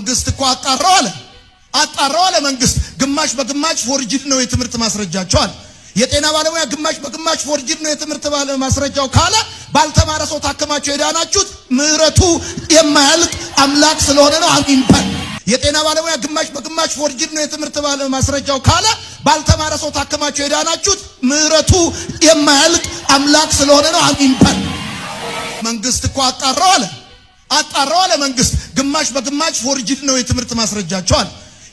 መንግስት እኮ አጣራው አለ አጣራው አለ መንግስት ግማሽ በግማሽ ፎርጅድ ነው የትምህርት ማስረጃቸው አለ። የጤና ባለሙያ ግማሽ በግማሽ ፎርጅድ ነው የትምህርት ማስረጃው ካለ ባልተማረ ሰው ታከማቸው የዳናችሁት ምህረቱ የማያልቅ አምላክ ስለሆነ ነው። አሚን የጤና ባለሙያ ግማሽ በግማሽ ፎርጅድ ነው የትምህርት ማስረጃው ካለ ባልተማረ ሰው ታከማቸው የዳናችሁት ምህረቱ የማያልቅ አምላክ ስለሆነ ነው። አሚን መንግስት እኮ አጣራው አለ አጣራው አለ መንግስት ግማሽ በግማሽ ፎርጅድ ነው የትምህርት ማስረጃቸው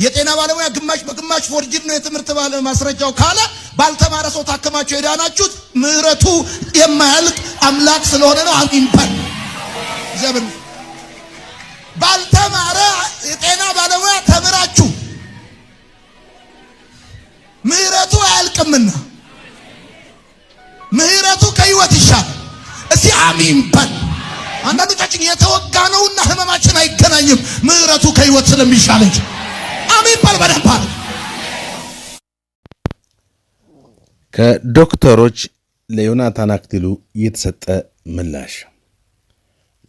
የጤና ባለሙያ ግማሽ በግማሽ ፎርጅድ ነው የትምህርት ማስረጃው ካለ ባልተማረ ሰው ታከማቸው የዳናችሁት ምሕረቱ የማያልቅ አምላክ ስለሆነ ነው። አሚን በል ባልተማረ የጤና ባለሙያ ተምራችሁ ምሕረቱ አያልቅምና ምሕረቱ ከህይወት ይሻል። እስቲ አሚን በል። አንዳንዶቻችን የተወጋ ህመማችን አይለየኝም፣ ምሕረቱ ከህይወት ስለሚሻለኝ። አሜን በል በደንብ ከዶክተሮች ለዮናታን አክሊሉ የተሰጠ ምላሽ።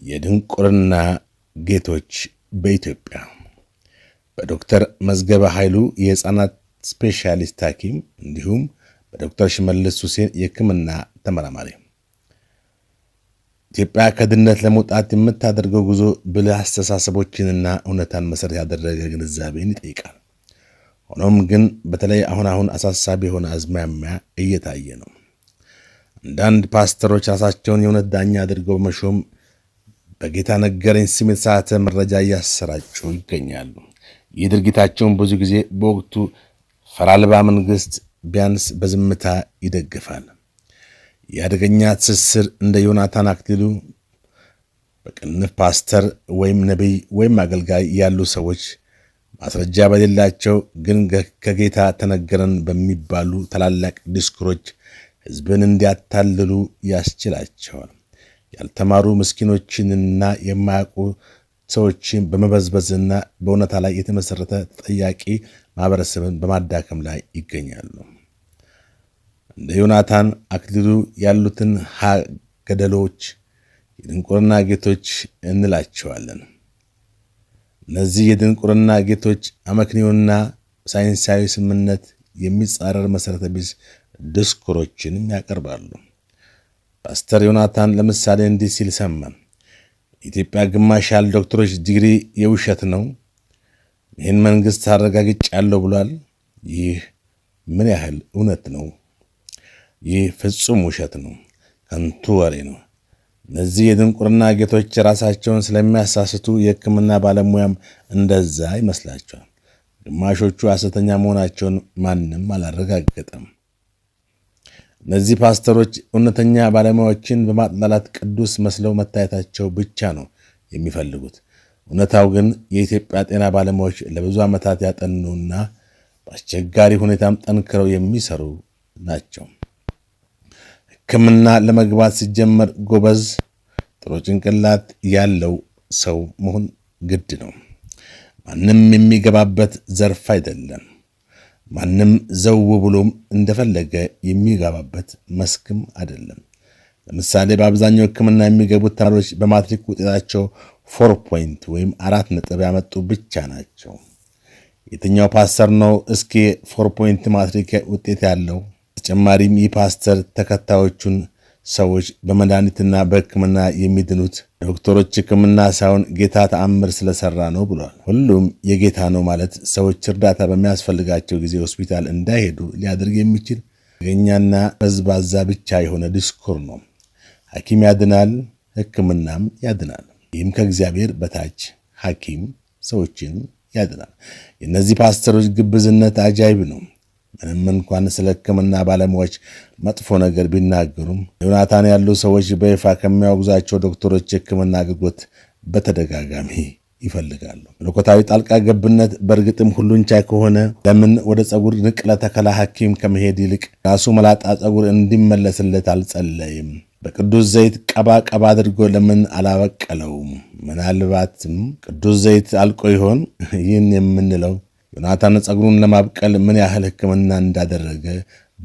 የድንቁርና ጌቶች በኢትዮጵያ በዶክተር መዝገበ ኃይሉ የህፃናት ስፔሻሊስት ሐኪም እንዲሁም በዶክተር ሽመልስ ሁሴን የህክምና ተመራማሪ ኢትዮጵያ ከድህነት ለመውጣት የምታደርገው ጉዞ ብልህ አስተሳሰቦችንና እውነታን መሰረት ያደረገ ግንዛቤን ይጠይቃል። ሆኖም ግን በተለይ አሁን አሁን አሳሳቢ የሆነ አዝማሚያ እየታየ ነው። አንዳንድ ፓስተሮች ራሳቸውን የእውነት ዳኛ አድርገው በመሾም በጌታ ነገረኝ ስም የተሳሳተ መረጃ እያሰራጩ ይገኛሉ። ይህ ድርጊታቸውን ብዙ ጊዜ በወቅቱ ፈራልባ መንግስት ቢያንስ በዝምታ ይደግፋል። የአደገኛ ትስስር እንደ ዮናታን አክሊሉ በቅንፍ ፓስተር ወይም ነቢይ ወይም አገልጋይ ያሉ ሰዎች ማስረጃ በሌላቸው ግን ከጌታ ተነገረን በሚባሉ ታላላቅ ዲስኩሮች ሕዝብን እንዲያታልሉ ያስችላቸዋል። ያልተማሩ ምስኪኖችንና የማያውቁ ሰዎችን በመበዝበዝና በእውነታ ላይ የተመሠረተ ተጠያቂ ማህበረሰብን በማዳከም ላይ ይገኛሉ። ለዮናታን አክሊሉ ያሉትን ሀ ገደሎች የድንቁርና ጌቶች እንላቸዋለን። እነዚህ የድንቁርና ጌቶች አመክንዮና ሳይንሳዊ ስምምነት የሚጻረር መሠረተ ቢስ ድስኩሮችንም ያቀርባሉ። ፓስተር ዮናታን ለምሳሌ እንዲህ ሲል ሰማን። የኢትዮጵያ ግማሽ ያህል ዶክተሮች ዲግሪ የውሸት ነው፣ ይህን መንግሥት አረጋግጫለሁ ብሏል። ይህ ምን ያህል እውነት ነው? ይህ ፍጹም ውሸት ነው፣ ከንቱ ወሬ ነው። እነዚህ የድንቁርና ጌቶች ራሳቸውን ስለሚያሳስቱ የሕክምና ባለሙያም እንደዛ ይመስላቸዋል። ግማሾቹ ሐሰተኛ መሆናቸውን ማንም አላረጋገጠም። እነዚህ ፓስተሮች እውነተኛ ባለሙያዎችን በማጥላላት ቅዱስ መስለው መታየታቸው ብቻ ነው የሚፈልጉት። እውነታው ግን የኢትዮጵያ ጤና ባለሙያዎች ለብዙ ዓመታት ያጠኑና በአስቸጋሪ ሁኔታም ጠንክረው የሚሰሩ ናቸው። ሕክምና ለመግባት ሲጀመር ጎበዝ፣ ጥሩ ጭንቅላት ያለው ሰው መሆን ግድ ነው። ማንም የሚገባበት ዘርፍ አይደለም። ማንም ዘው ብሎም እንደፈለገ የሚገባበት መስክም አይደለም። ለምሳሌ በአብዛኛው ሕክምና የሚገቡት ተማሪዎች በማትሪክ ውጤታቸው ፎር ፖይንት ወይም አራት ነጥብ ያመጡ ብቻ ናቸው። የትኛው ፓስተር ነው እስኪ ፎር ፖይንት ማትሪክ ውጤት ያለው በተጨማሪም የፓስተር ተከታዮቹን ሰዎች በመድኃኒትና በሕክምና የሚድኑት ዶክተሮች ሕክምና ሳይሆን ጌታ ተአምር ስለሰራ ነው ብሏል። ሁሉም የጌታ ነው ማለት ሰዎች እርዳታ በሚያስፈልጋቸው ጊዜ ሆስፒታል እንዳይሄዱ ሊያደርግ የሚችል ገኛና በዝባዛ ብቻ የሆነ ዲስኩር ነው። ሐኪም ያድናል፣ ሕክምናም ያድናል። ይህም ከእግዚአብሔር በታች ሐኪም ሰዎችን ያድናል። የእነዚህ ፓስተሮች ግብዝነት አጃይብ ነው። ምንም እንኳን ስለ ሕክምና ባለሙያዎች መጥፎ ነገር ቢናገሩም ዮናታን ያሉ ሰዎች በይፋ ከሚያወግዟቸው ዶክተሮች የሕክምና አገልግሎት በተደጋጋሚ ይፈልጋሉ። መለኮታዊ ጣልቃ ገብነት በእርግጥም ሁሉን ቻይ ከሆነ ለምን ወደ ጸጉር ንቅለ ተከላ ሐኪም ከመሄድ ይልቅ ራሱ መላጣ ጸጉር እንዲመለስለት አልጸለይም? በቅዱስ ዘይት ቀባ ቀባ አድርጎ ለምን አላበቀለውም? ምናልባትም ቅዱስ ዘይት አልቆ ይሆን? ይህን የምንለው ዮናታን ጸጉሩን ለማብቀል ምን ያህል ሕክምና እንዳደረገ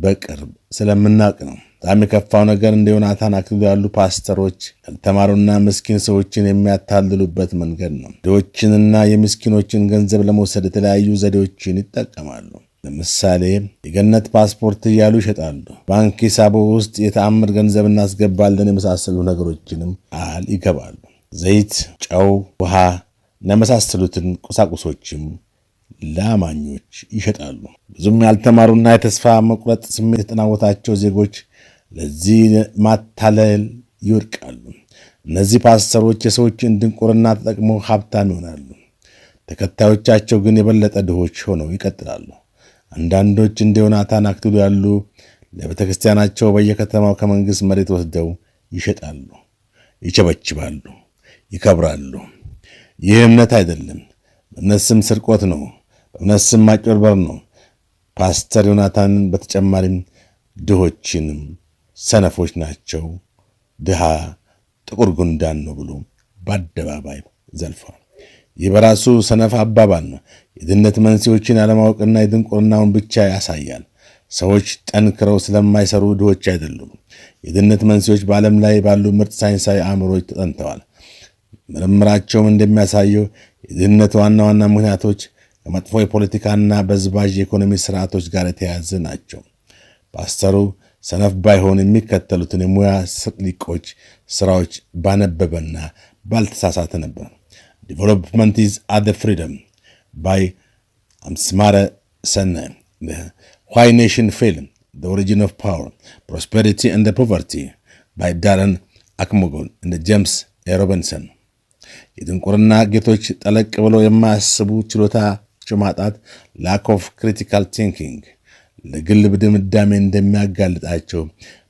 በቅርብ ስለምናውቅ ነው። በጣም የከፋው ነገር እንደ ዮናታን አክሊሉ ያሉ ፓስተሮች ያልተማሩና ምስኪን ሰዎችን የሚያታልሉበት መንገድ ነው። ድሆችንና የምስኪኖችን ገንዘብ ለመውሰድ የተለያዩ ዘዴዎችን ይጠቀማሉ። ለምሳሌ የገነት ፓስፖርት እያሉ ይሸጣሉ። ባንክ ሂሳቦ ውስጥ የተአምር ገንዘብ እናስገባለን የመሳሰሉ ነገሮችንም ቃል ይገባሉ። ዘይት፣ ጨው፣ ውሃ እና ቁሳቁሶችም ለአማኞች ይሸጣሉ። ብዙም ያልተማሩና የተስፋ መቁረጥ ስሜት የተጠናወታቸው ዜጎች ለዚህ ማታለል ይወድቃሉ። እነዚህ ፓስተሮች የሰዎችን ድንቁርና ተጠቅመው ሀብታም ይሆናሉ። ተከታዮቻቸው ግን የበለጠ ድሆች ሆነው ይቀጥላሉ። አንዳንዶች እንደ ዮናታን አክሊሉ ያሉ ለቤተ ክርስቲያናቸው በየከተማው ከመንግሥት መሬት ወስደው ይሸጣሉ፣ ይቸበችባሉ፣ ይከብራሉ። ይህ እምነት አይደለም። በእምነት ስም ስርቆት ነው። እነሱም ማጭበርበር ነው። ፓስተር ዮናታንን በተጨማሪም ድሆችንም ሰነፎች ናቸው፣ ድሃ ጥቁር ጉንዳን ነው ብሎ በአደባባይ ዘልፏል። ይህ በራሱ ሰነፍ አባባል ነው። የድህነት መንስኤዎችን አለማወቅና የድንቁርናውን ብቻ ያሳያል። ሰዎች ጠንክረው ስለማይሰሩ ድሆች አይደሉም። የድህነት መንስኤዎች በዓለም ላይ ባሉ ምርጥ ሳይንሳዊ አእምሮች ተጠንተዋል። ምርምራቸውም እንደሚያሳየው የድህነት ዋና ዋና ምክንያቶች ከመጥፎ የፖለቲካና በዝባዥ የኢኮኖሚ ስርዓቶች ጋር የተያያዘ ናቸው። ፓስተሩ ሰነፍ ባይሆን የሚከተሉትን የሙያ ሊቆች ስራዎች ባነበበና ባልተሳሳተ ነበር። ዲቨሎፕመንት ኢዝ አት ፍሪደም ባይ አምስማረ ሰነ፣ ዋይ ኔሽን ፌል፣ ዘ ኦሪጂን ኦፍ ፓወር፣ ፕሮስፐሪቲ እንደ ፖቨርቲ ባይ ዳረን አክሞጎን እንደ ጄምስ ኤ ሮቢንሰን። የድንቁርና ጌቶች ጠለቅ ብለው የማያስቡ ችሎታ ማጣት ላክ ኦፍ ክሪቲካል ቲንኪንግ ለግል ድምዳሜ እንደሚያጋልጣቸው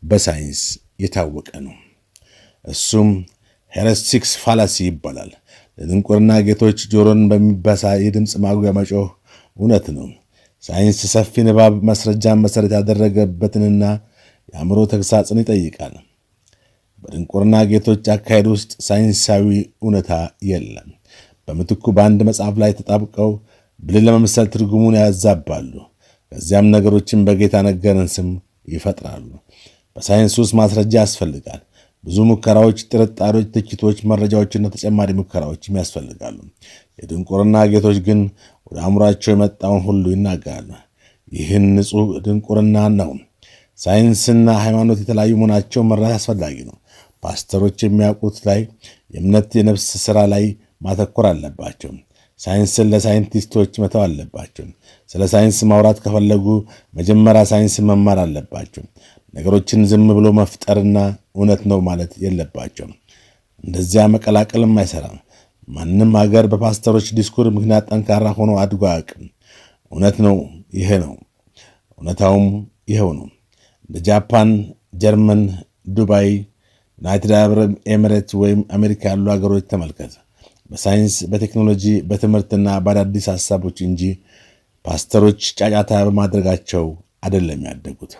በሳይንስ የታወቀ ነው። እሱም ሄረስቲክስ ፋላሲ ይባላል። ለድንቁርና ጌቶች ጆሮን በሚበሳ የድምፅ ማጉያ መጮህ እውነት ነው። ሳይንስ ሰፊ ንባብ፣ መስረጃን መሰረት ያደረገበትንና የአእምሮ ተግሳጽን ይጠይቃል። በድንቁርና ጌቶች አካሄድ ውስጥ ሳይንሳዊ እውነታ የለም። በምትኩ በአንድ መጽሐፍ ላይ ተጣብቀው ብልን ለመምሰል ትርጉሙን ያዛባሉ። ከዚያም ነገሮችን በጌታ ነገረን ስም ይፈጥራሉ። በሳይንስ ውስጥ ማስረጃ ያስፈልጋል። ብዙ ሙከራዎች፣ ጥርጣሬዎች፣ ትችቶች፣ መረጃዎችና ተጨማሪ ሙከራዎችም ያስፈልጋሉ። የድንቁርና ጌቶች ግን ወደ አእምሯቸው የመጣውን ሁሉ ይናገራሉ። ይህን ንጹሕ ድንቁርና ነው። ሳይንስና ሃይማኖት የተለያዩ መሆናቸው መረዳት አስፈላጊ ነው። ፓስተሮች የሚያውቁት ላይ የእምነት የነፍስ ሥራ ላይ ማተኮር አለባቸው። ሳይንስን ለሳይንቲስቶች መተው አለባቸው። ስለ ሳይንስ ማውራት ከፈለጉ መጀመሪያ ሳይንስ መማር አለባቸው። ነገሮችን ዝም ብሎ መፍጠርና እውነት ነው ማለት የለባቸውም። እንደዚያ መቀላቀልም አይሰራም። ማንም አገር በፓስተሮች ዲስኩር ምክንያት ጠንካራ ሆኖ አድጎ አያውቅም። እውነት ነው ይሄ ነው፣ እውነታውም ይኸው ነው። እንደ ጃፓን፣ ጀርመን፣ ዱባይ፣ ዩናይትድ አረብ ኤምሬት ወይም አሜሪካ ያሉ አገሮች ተመልከት። በሳይንስ በቴክኖሎጂ በትምህርትና በአዳዲስ ሀሳቦች እንጂ ፓስተሮች ጫጫታ በማድረጋቸው አይደለም ያደጉት።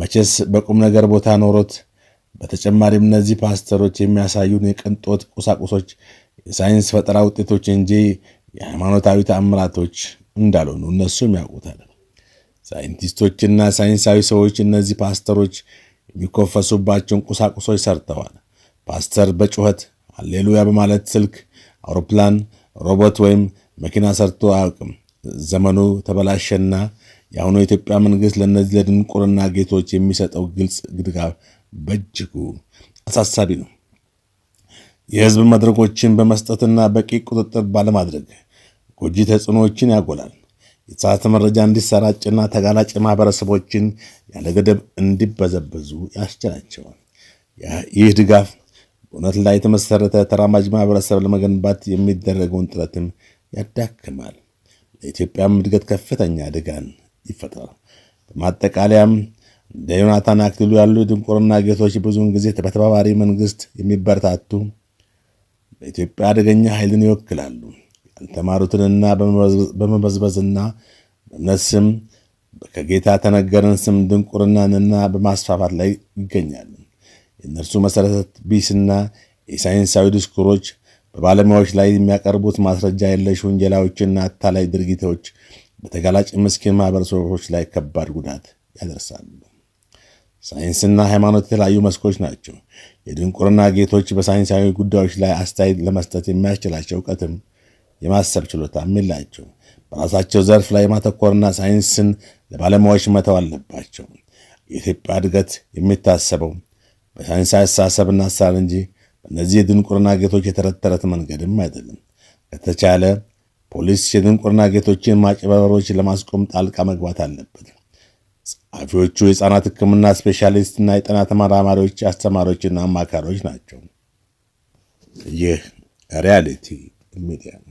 መቼስ በቁም ነገር ቦታ ኖሮት። በተጨማሪም እነዚህ ፓስተሮች የሚያሳዩን የቅንጦት ቁሳቁሶች፣ የሳይንስ ፈጠራ ውጤቶች እንጂ የሃይማኖታዊ ተአምራቶች እንዳልሆኑ እነሱም ያውቁታል። ሳይንቲስቶችና ሳይንሳዊ ሰዎች እነዚህ ፓስተሮች የሚኮፈሱባቸውን ቁሳቁሶች ሰርተዋል። ፓስተር በጩኸት አሌሉያ በማለት ስልክ አውሮፕላን፣ ሮቦት ወይም መኪና ሰርቶ አያውቅም። ዘመኑ ተበላሸና የአሁኑ የኢትዮጵያ መንግስት ለእነዚህ ለድንቁርና ጌቶች የሚሰጠው ግልጽ ድጋፍ በእጅጉ አሳሳቢ ነው። የህዝብ መድረኮችን በመስጠትና በቂ ቁጥጥር ባለማድረግ ጎጂ ተጽዕኖዎችን ያጎላል። የተሳሳተ መረጃ እንዲሰራጭና ተጋላጭ ማህበረሰቦችን ያለገደብ እንዲበዘብዙ እንዲበዘበዙ ያስችላቸዋል። ይህ ድጋፍ በእውነት ላይ የተመሰረተ ተራማጅ ማህበረሰብ ለመገንባት የሚደረገውን ጥረትም ያዳክማል፣ ለኢትዮጵያም እድገት ከፍተኛ አደጋን ይፈጥራል። በማጠቃለያም እንደ ዮናታን አክሊሉ ያሉ የድንቁርና ጌቶች ብዙውን ጊዜ በተባባሪ መንግስት የሚበረታቱ በኢትዮጵያ አደገኛ ኃይልን ይወክላሉ። ያልተማሩትንና በመበዝበዝና በእምነት ስም ከጌታ ተነገረን ስም ድንቁርናንና በማስፋፋት ላይ ይገኛሉ። የእነርሱ መሠረተ ቢስና የሳይንሳዊ ድስኩሮች በባለሙያዎች ላይ የሚያቀርቡት ማስረጃ የለሽ ውንጀላዎችና አታላይ ድርጊቶች በተጋላጭ ምስኪን ማህበረሰቦች ላይ ከባድ ጉዳት ያደርሳሉ። ሳይንስና ሃይማኖት የተለያዩ መስኮች ናቸው። የድንቁርና ጌቶች በሳይንሳዊ ጉዳዮች ላይ አስተያየት ለመስጠት የሚያስችላቸው እውቀትም የማሰብ ችሎታም የላቸው። በራሳቸው ዘርፍ ላይ ማተኮርና ሳይንስን ለባለሙያዎች መተው አለባቸው። የኢትዮጵያ እድገት የሚታሰበው በሳይንስ አስተሳሰብና ሀሳብ እንጂ በእነዚህ የድንቁርና ጌቶች የተረተረት መንገድም አይደለም። ከተቻለ ፖሊስ የድንቁርና ጌቶችን ማጭበርበሮች ለማስቆም ጣልቃ መግባት አለበት። ጸሐፊዎቹ የሕፃናት ሕክምና ስፔሻሊስትና የጤና ተመራማሪዎች፣ አስተማሪዎችና አማካሪዎች ናቸው። ይህ ሪያሊቲ ሚዲያ ነው።